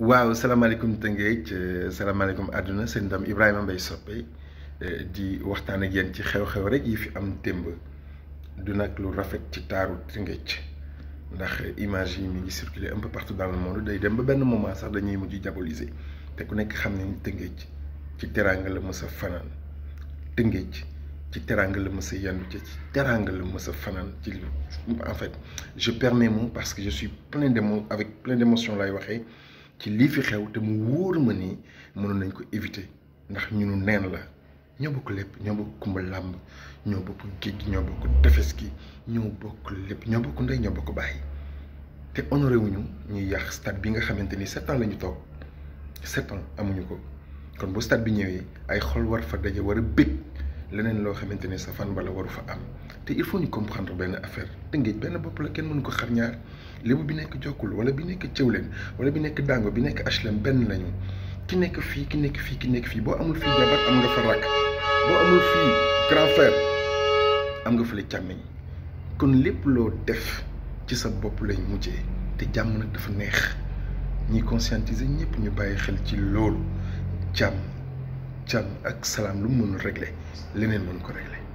waaw salaamaaleykum Tëngéej eh, salaamaaleykum àdduna sëñ Dame Ibrahima Mbaye Sopé eh, di waxtaan ak yéen ci xew-xew rek yi fi am témb du nag lu rafet ci taaru Tëngéej ndax image yi mi ngi circuler un peu partout dans le monde day dem ba benn moment sax dañuy mujj diaboliser te ku nekk xam ne ni Tëngéej ci teraanga la mës a fanaan Tëngéej ci teraanga la mës a yendu ci teraanga la mës a en fait je perds mes mots parce que je suis plein de mots avec plein d'émotions lay waxee ci li fi xew te mu wóor ma ni mënoon nañ ko éviter ndax ñunu neen la ñoo bokk lépp ñoo bokk kumba làmb ñoo bokk géej gi ñoo bokk tefes gi ñoo bokk lépp ñoo bokk ndey ñoo bokk bàyyi te honoré wuñu ñuy yàq stade bi nga xamante ni sept ans la ñu toog sept ans amuñu ko kon bu stade bi ñëwee ay xol war fa daje war a bég leneen loo xamante sa fan bala waru fa am te il faut ñu comprendre benn affaire te ngéej benn bopp la kenn mënu ko xar lébu bi nekk jokkul wala bi nekk cëwleen wala bi nekk dàngo bi nekk HLM benn lañu ki nekk fii ki nekk fii ki nekk fii boo amul fii jabar am nga fa rakk boo amul fii grand am nga fële càmmiñ kon lépp loo def ci sa bopp lañu mujjee te jàmm nag dafa neex ñi conscientiser ñëpp ñu bàyyi xel ci loolu jàmm jàmm ak salaam lu mu mënul régler leneen mën ko régler